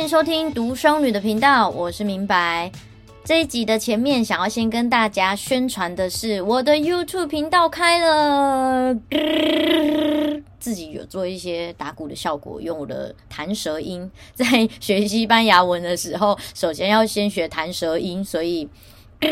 歡迎收聽獨生女的頻道，我是明白。這一集的前面，想要先跟大家宣傳的是我的 YouTube 頻道開了。呃，自己有做一些打鼓的效果，用我的彈舌音。在學西班牙文的時候，首先要先學彈舌音，所以，呃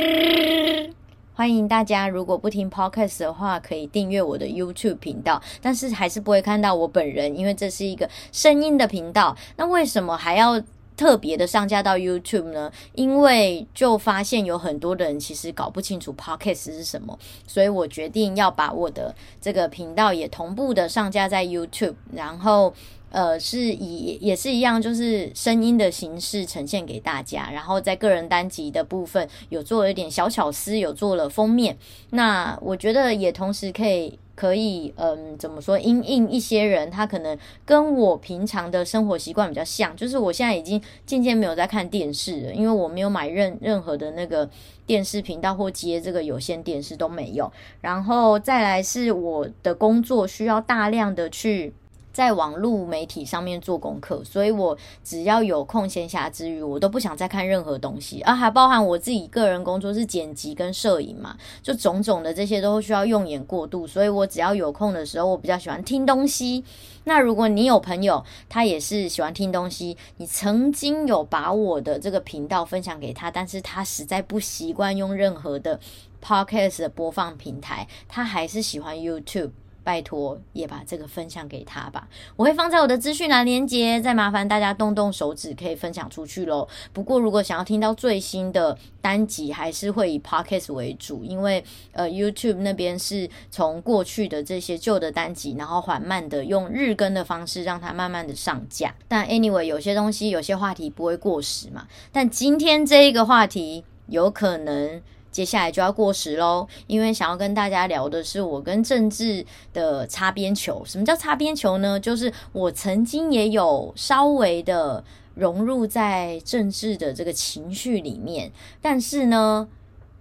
歡迎大家，如果不聽 Podcast 的話，可以訂閱我的 YouTube 頻道，但是還是不會看到我本人，因為這是一個聲音的頻道。那為什麼還要特別的上架到 YouTube 呢？因為就發現有很多人其實搞不清楚 Podcast 是什麼，所以我決定要把我的這個頻道也同步的上架在 YouTube，然後。呃，是以也是一樣，就是聲音的形式呈現給大家。然後在個人單集的部分，有做了一點小巧思，有做了封面。那我覺得也同時可以可以，嗯，怎麼說？因應一些人，他可能跟我平常的生活習慣比較像。就是我現在已經漸漸沒有在看電視了，因為我沒有買任任何的那個電視頻道或接這個有線電視都沒有。然後再來是我的工作需要大量的去。在網絡媒體上面做功課，所以我只要有空閒暇之餘，我都不想再看任何東西，而、啊、還包含我自己個人工作是剪輯跟攝影嘛，就種種的這些都需要用眼過度，所以我只要有空的時候，我比較喜歡聽東西。那如果你有朋友他也是喜歡聽東西，你曾經有把我的這個頻道分享給他，但是他實在不習慣用任何的 podcast 的播放平台，他還是喜歡 YouTube。拜託，也把這個分享給他吧。我會放在我的資訊欄連結，再麻煩大家動動手指，可以分享出去嘍。不過，如果想要聽到最新的單集，還是會以 Podcast 為主，因為呃，YouTube 那邊是從過去的這些舊的單集，然後緩慢的用日更的方式，讓它慢慢的上架。但 anyway，有些東西，有些話題不會過時嘛。但今天這一個話題，有可能。接下來就要過時嘍，因為想要跟大家聊的是我跟政治的擦邊球。什麼叫擦邊球呢？就是我曾經也有稍微的融入在政治的這個情緒裡面，但是呢。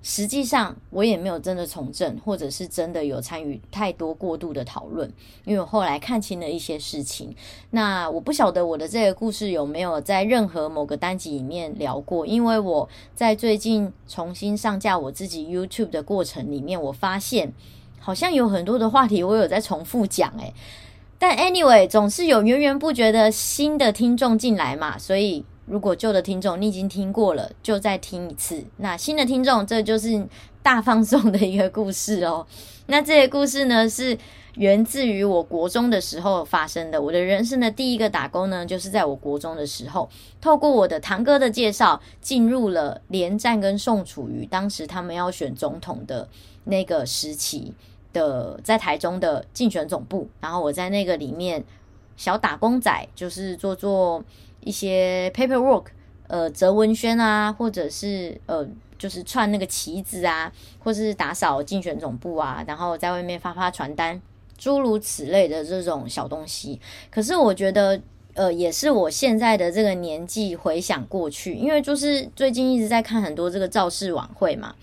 實際上，我也沒有真的從政，或者是真的有參與太多過度的討論，因為我後來看清了一些事情。那我不曉得我的這個故事有沒有在任何某個單集裡面聊過？因為我在最近重新上架我自己 YouTube 的過程裡面，我發現好像有很多的話題我有在重複講。欸，誒，但 Anyway 總是有源源不絕的新的聽眾進來嘛，所以。如果舊的聽眾你已經聽過了，就再聽一次。那新的聽眾，這就是大放送的一個故事哦。那這些故事呢，是源自於我國中的時候發生的。我的人生的第一個打工呢，就是在我國中的時候，透過我的堂哥的介紹，進入了連戰跟宋楚瑜當時他們要選總統的那個時期的，在台中的競選總部，然後我在那個裡面小打工仔，就是做做。一些 paperwork，呃，摺文宣啊，或者是呃，就是串那個旗子啊，或是打掃競選總部啊，然後在外面發發傳單，諸如此類的這種小東西。可是我覺得，呃，也是我現在的這個年紀回想過去，因為就是最近一直在看很多這個造勢晚會嘛。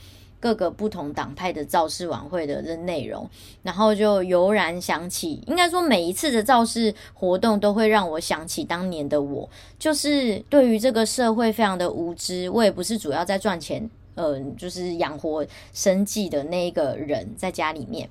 各個不同黨派的造勢晚會的內容，然後就油然想起，應該說每一次的造勢活動都會讓我想起當年的我，就是對於這個社會非常的無知，我也不是主要在賺錢，呃，就是養活生計的那一個人在家裡面，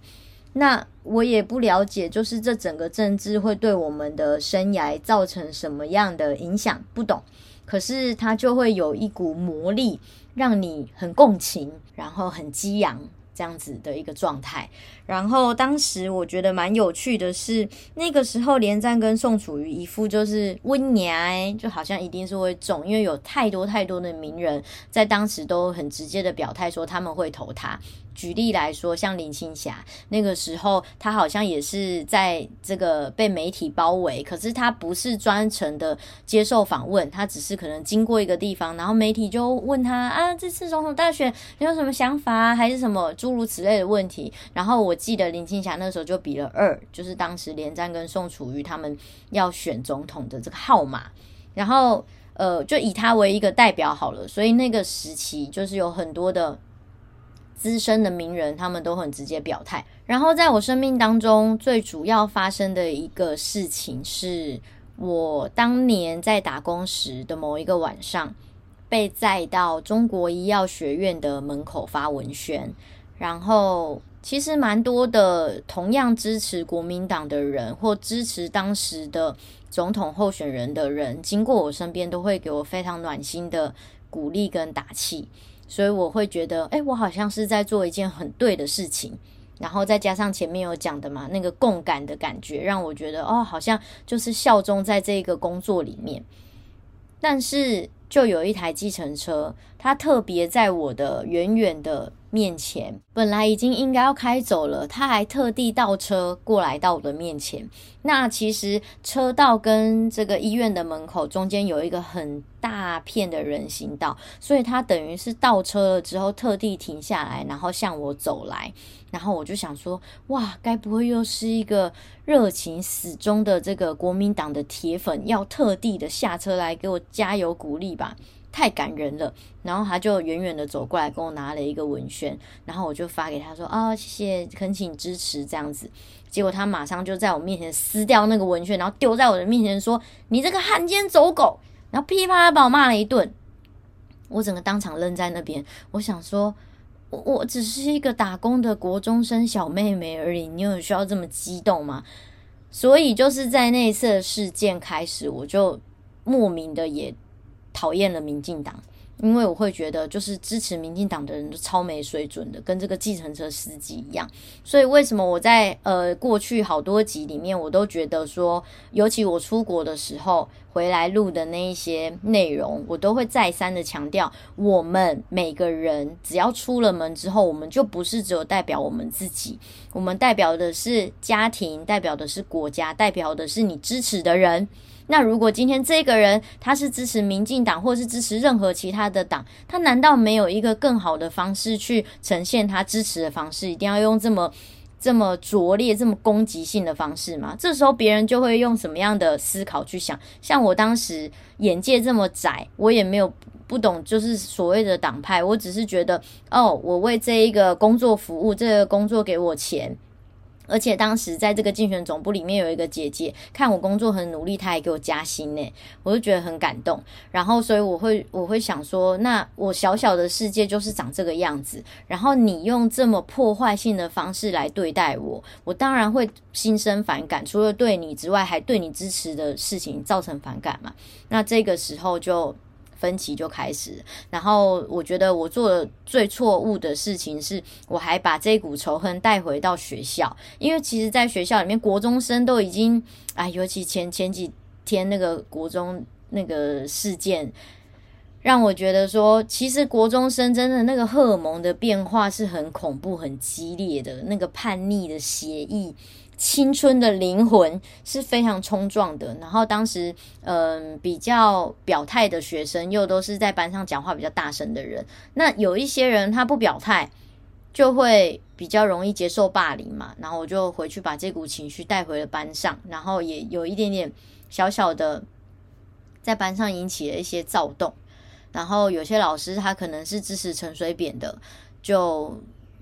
那我也不了解，就是這整個政治會對我們的生涯造成什麼樣的影響，不懂。可是他就會有一股魔力，讓你很共情，然後很激昂這樣子的一個狀態。然後當時我覺得蠻有趣的是，那個時候連戰跟宋楚瑜一副就是溫娘、欸，就好像一定是會中，因為有太多太多的名人在當時都很直接的表態說他們會投他。舉例來說，像林青霞那個時候，她好像也是在這個被媒體包圍，可是她不是專程的接受訪問，她只是可能經過一個地方，然後媒體就問她啊，這次總統大選你有什麼想法，還是什麼諸如此類的問題。然後我記得林青霞那時候就比了二，就是當時連戰跟宋楚瑜他們要選總統的這個號碼。然後呃，就以她為一個代表好了，所以那個時期就是有很多的。資深的名人，他們都很直接表態。然後，在我生命當中最主要發生的一個事情是，是我當年在打工時的某一個晚上，被載到中國醫藥學院的門口發文宣。然後，其實蠻多的同樣支持國民黨的人，或支持當時的總統候選人的人，經過我身邊，都會給我非常暖心的鼓勵跟打氣。所以我會覺得，哎，我好像是在做一件很對的事情。然後再加上前面有講的嘛，那個共感的感覺，讓我覺得哦，好像就是效忠在這個工作裡面。但是就有一台計程車，它特別在我的遠遠的。面前本來已經應該要開走了，他還特地倒車過來到我的面前。那其實車道跟這個醫院的門口中間有一個很大片的人行道，所以他等於是倒車了之後特地停下來，然後向我走來。然後我就想說，哇，該不會又是一個熱情死忠的這個國民黨的鐵粉，要特地的下車來給我加油鼓勵吧？太感人了，然後他就遠遠的走過來跟我拿了一個文宣，然後我就發給他說：“啊、哦，謝謝，懇請支持這樣子。”結果他馬上就在我面前撕掉那個文宣，然後丟在我的面前說：“你這個漢奸走狗！”然後噼啪把我罵了一頓，我整個當場愣在那邊。我想說，我我只是一個打工的國中生小妹妹而已，你有需要這麼激動嗎？所以就是在那次的事件開始，我就莫名的也。討厭了民進黨，因為我會覺得，就是支持民進黨的人都超沒水準的，跟這個計程車司機一樣。所以為什麼我在呃過去好多集裡面，我都覺得說，尤其我出國的時候回來錄的那一些內容，我都會再三的強調，我們每個人只要出了門之後，我們就不是只有代表我們自己，我們代表的是家庭，代表的是國家，代表的是你支持的人。那如果今天這個人他是支持民進黨，或是支持任何其他的黨，他難道沒有一個更好的方式去呈現他支持的方式？一定要用這麼這麼拙劣、這麼攻擊性的方式嗎？這時候別人就會用什麼樣的思考去想？像我當時眼界這麼窄，我也沒有不懂，就是所謂的黨派，我只是覺得哦，我為這一個工作服務，這個工作給我錢。.而且當時在這個競選總部裡面有一個姐姐，看我工作很努力，她還給我加薪呢，我就覺得很感動。然後，所以我會我會想說，那我小小的世界就是長這個樣子。然後你用這麼破壞性的方式來對待我，我當然會心生反感。除了對你之外，還對你支持的事情造成反感嘛？那這個時候就。分歧就開始，然後我覺得我做的最錯誤的事情是，我還把這股仇恨帶回到學校，因為其實，在學校裡面，國中生都已經，哎，尤其前前幾天那個國中那個事件，讓我覺得說，其實國中生真的那個荷爾蒙的變化是很恐怖、很激烈的，那個叛逆的協議。青春的靈魂是非常衝撞的，然後當時，嗯、呃，比較表態的學生又都是在班上講話比較大聲的人，那有一些人他不表態，就會比較容易接受霸凌嘛。然後我就回去把這股情緒帶回了班上，然後也有一點點小小的在班上引起了一些躁動，然後有些老師他可能是支持陳水扁的，就。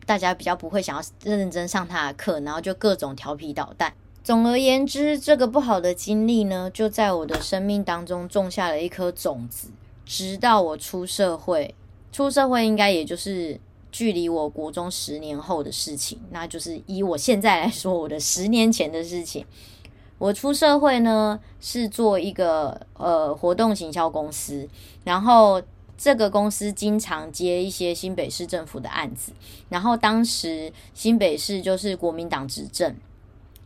大家比較不會想要認真上他的課，然後就各種調皮搗蛋。總而言之，這個不好的經歷呢，就在我的生命當中種下了一顆種子。直到我出社會，出社會應該也就是距離我國中十年後的事情，那就是以我現在來說，我的十年前的事情。我出社會呢，是做一個呃活動行銷公司，然後。這個公司經常接一些新北市政府的案子，然後當時新北市就是國民黨執政。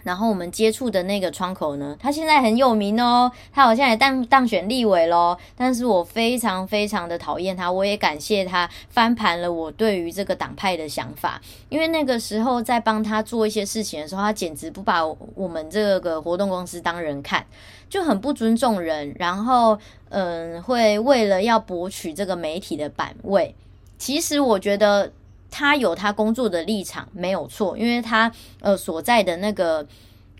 然後我們接觸的那個窗口呢，他現在很有名哦，他好像也當當選立委咯，但是我非常非常的討厭他，我也感謝他翻盤了我對於這個黨派的想法，因為那個時候在幫他做一些事情的時候，他簡直不把我們這個活動公司當人看，就很不尊重人。然後，嗯、呃，會為了要博取這個媒體的版位，其實我覺得。他有他工作的立場沒有錯，因為他呃，所在的那個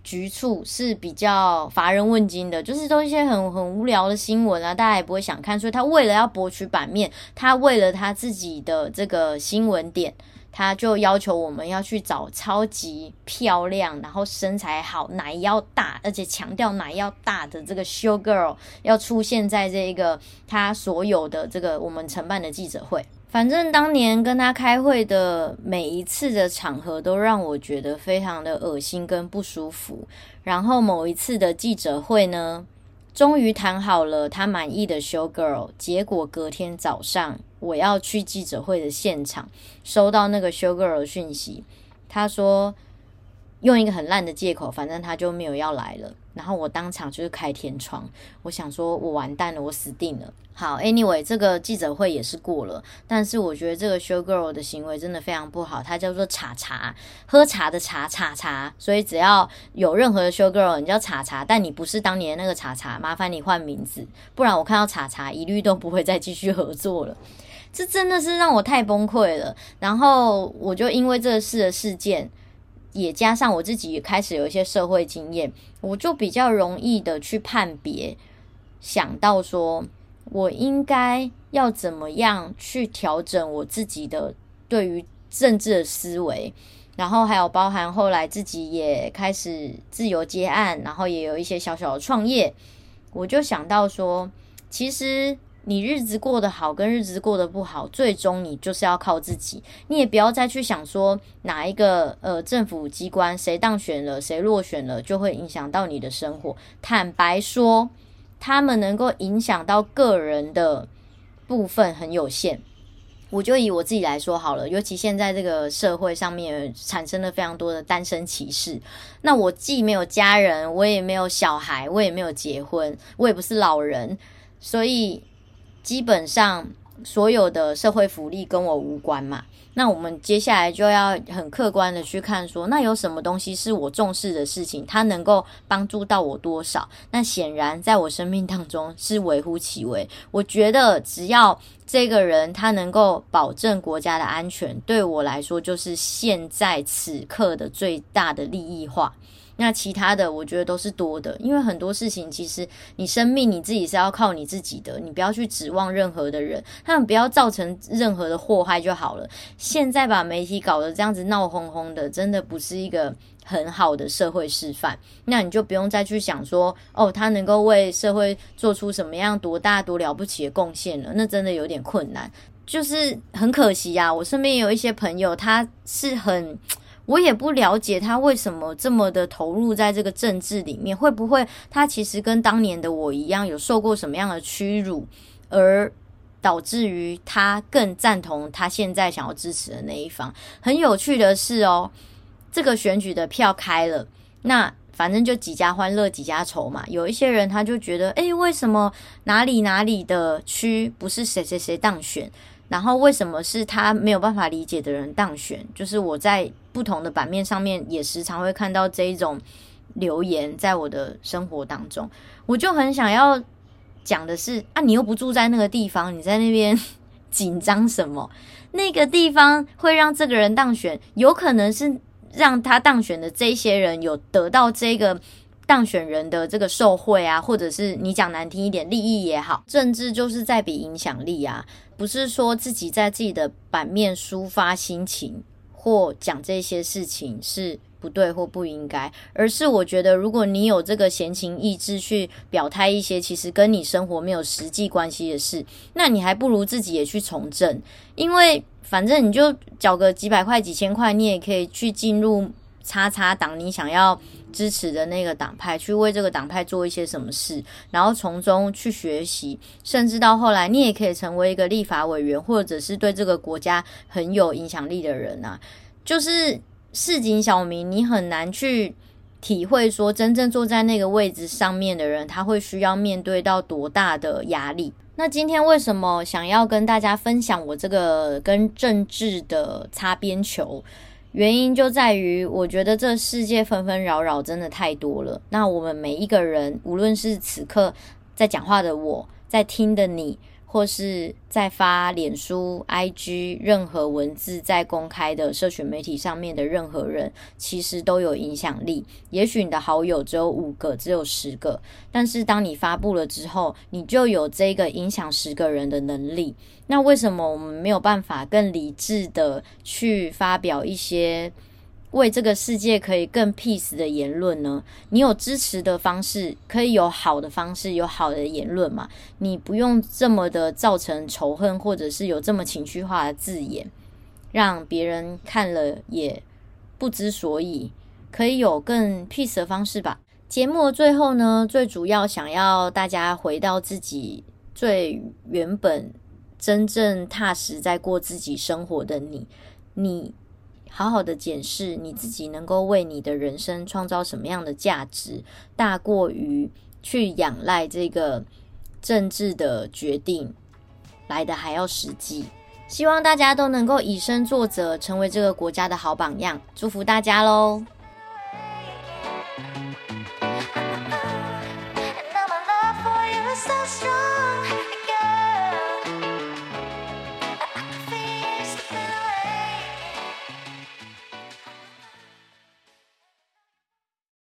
局處是比較乏人問津的，就是都一些很很無聊的新聞啊，大家也不會想看，所以他為了要博取版面，他為了他自己的這個新聞點，他就要求我們要去找超級漂亮，然後身材好，奶要大，而且強調奶要大的這個 show girl 要出現在這一個他所有的這個我們承辦的記者會。反正當年跟他開會的每一次的場合，都讓我覺得非常的噁心跟不舒服。然後某一次的記者會呢，終於談好了他滿意的 show girl，結果隔天早上我要去記者會的現場，收到那個 show girl 的訊息，他說用一個很爛的借口，反正他就沒有要來了。然後我當場就是開天窗，我想說我完蛋了，我死定了。好，Anyway，這個記者會也是過了，但是我覺得這個 showgirl 的行為真的非常不好。他叫做茶茶，喝茶的茶茶茶，所以只要有任何的 showgirl，你叫茶茶，但你不是當年的那個茶茶，麻煩你換名字，不然我看到茶茶，一律都不會再繼續合作了。這真的是讓我太崩潰了。然後我就因為這事的事件。也加上我自己也開始有一些社會經驗，我就比較容易的去判別，想到說我應該要怎麼樣去調整我自己的對於政治的思維，然後還有包含後來自己也開始自由接案，然後也有一些小小的創業，我就想到說，其實。你日子過得好跟日子過得不好，最終你就是要靠自己，你也不要再去想說哪一個，呃，政府機關，誰當選了，誰落選了，就會影響到你的生活。坦白說，他們能夠影響到個人的部分很有限。我就以我自己來說好了，尤其現在這個社會上面產生了非常多的單身歧視。那我既沒有家人，我也沒有小孩，我也沒有結婚，我也不是老人，所以。基本上所有的社會福利跟我無關嘛，那我們接下來就要很客觀的去看說，說那有什麼東西是我重視的事情，它能夠幫助到我多少？那顯然在我生命當中是微乎其微。我覺得只要這個人他能夠保證國家的安全，對我來說就是現在此刻的最大的利益化。那其他的，我覺得都是多的，因為很多事情其實你生命你自己是要靠你自己的，你不要去指望任何的人，他們不要造成任何的禍害就好了。現在把媒體搞得這樣子鬧哄哄的，真的不是一個很好的社會示範。那你就不用再去想說，哦，他能夠為社會做出什麼樣多大多了不起的貢獻了，那真的有點困難。就是很可惜呀，我身邊有一些朋友，他是很。我也不了解他為什麼這麼的投入在這個政治裡面，會不會他其實跟當年的我一樣，有受過什麼樣的屈辱，而導致於他更贊同他現在想要支持的那一方。很有趣的是哦，這個選舉的票開了，那反正就幾家歡樂幾家愁嘛。有一些人他就覺得，誒、欸，為什麼哪裡哪裡的區不是誰誰誰當選？然後為什麼是他沒有辦法理解的人當選？就是我在。不同的版面上面也時常會看到這一種留言。在我的生活當中，我就很想要講的是啊，你又不住在那個地方，你在那邊緊張什麼？那個地方會讓這個人當選，有可能是讓他當選的這些人有得到這個當選人的這個受惠啊，或者是你講難聽一點利益也好，甚至就是在比影響力啊，不是說自己在自己的版面抒發心情，或講這些事情是不對或不應該，而是我覺得，如果你有這個閒情逸致去表態一些，其實跟你生活沒有實際關係的事，那你還不如自己也去從政，因為反正你就繳個幾百塊、幾千塊，你也可以去進入。叉叉黨，你想要支持的那個黨派，去為這個黨派做一些什麼事，然後從中去學習，甚至到後來，你也可以成為一個立法委員，或者是對這個國家很有影響力的人啊。就是市井小民，你很難去體會說，真正坐在那個位置上面的人，他會需要面對到多大的壓力。那今天為什麼想要跟大家分享我這個跟政治的擦邊球？原因就在於，我覺得這世界紛紛擾擾真的太多了。那我們每一個人，無論是此刻在講話的我，在聽的你。或是在發臉書、IG，任何文字在公開的社群媒體上面的任何人，其實都有影響力。也許你的好友只有五個、只有十個，但是當你發布了之後，你就有這個影響十個人的能力。那為什麼我們沒有辦法更理智的去發表一些為這個世界可以更 peace 的言論呢？你有支持的方式，可以有好的方式，有好的言論嘛？你不用這麼的造成仇恨，或者是有這麼情緒化的字眼，讓別人看了也不知所以。可以有更 peace 的方式吧。節目的最後呢，最主要想要大家回到自己最原本、真正踏實在過自己生活的你，你。好好的檢視你自己，能夠為你的人生創造什麼樣的價值，大過於去仰賴這個政治的決定來的還要實際。希望大家都能夠以身作則，成為這個國家的好榜樣。祝福大家嘍！